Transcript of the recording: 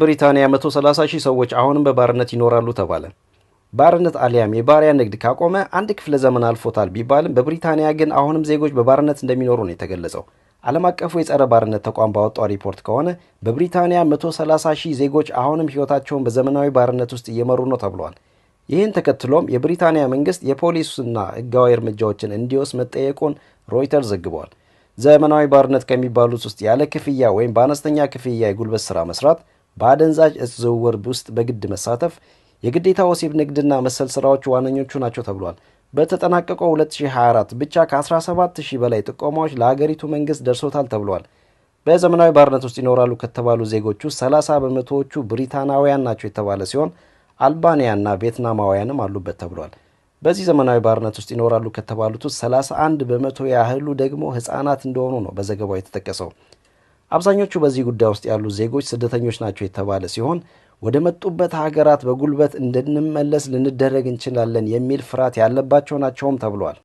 በብሪታንያ 130 ሺህ ሰዎች አሁንም በባርነት ይኖራሉ ተባለ። ባርነት አሊያም የባሪያ ንግድ ካቆመ አንድ ክፍለ ዘመን አልፎታል ቢባልም በብሪታንያ ግን አሁንም ዜጎች በባርነት እንደሚኖሩ ነው የተገለጸው። ዓለም አቀፉ የጸረ ባርነት ተቋም ባወጣው ሪፖርት ከሆነ በብሪታንያ 130 ሺህ ዜጎች አሁንም ሕይወታቸውን በዘመናዊ ባርነት ውስጥ እየመሩ ነው ተብሏል። ይህን ተከትሎም የብሪታንያ መንግስት የፖሊስና ሕጋዊ እርምጃዎችን እንዲወስድ መጠየቁን ሮይተርስ ዘግቧል። ዘመናዊ ባርነት ከሚባሉት ውስጥ ያለ ክፍያ ወይም በአነስተኛ ክፍያ የጉልበት ሥራ መስራት። በአደንዛዥ እጽ ዝውውር ውስጥ በግድ መሳተፍ፣ የግዴታ ወሲብ ንግድና መሰል ስራዎች ዋነኞቹ ናቸው ተብሏል። በተጠናቀቀው 2024 ብቻ ከ17 በላይ ጥቆማዎች ለሀገሪቱ መንግስት ደርሶታል ተብሏል። በዘመናዊ ባርነት ውስጥ ይኖራሉ ከተባሉ ዜጎቹ 30 በመቶዎቹ ብሪታናውያን ናቸው የተባለ ሲሆን አልባንያና ቬትናማውያንም አሉበት ተብሏል። በዚህ ዘመናዊ ባርነት ውስጥ ይኖራሉ ከተባሉት 31 በመቶ ያህሉ ደግሞ ህጻናት እንደሆኑ ነው በዘገባው የተጠቀሰው። አብዛኞቹ በዚህ ጉዳይ ውስጥ ያሉ ዜጎች ስደተኞች ናቸው የተባለ ሲሆን ወደ መጡበት ሀገራት በጉልበት እንድንመለስ ልንደረግ እንችላለን የሚል ፍርሃት ያለባቸው ናቸውም ተብሏል።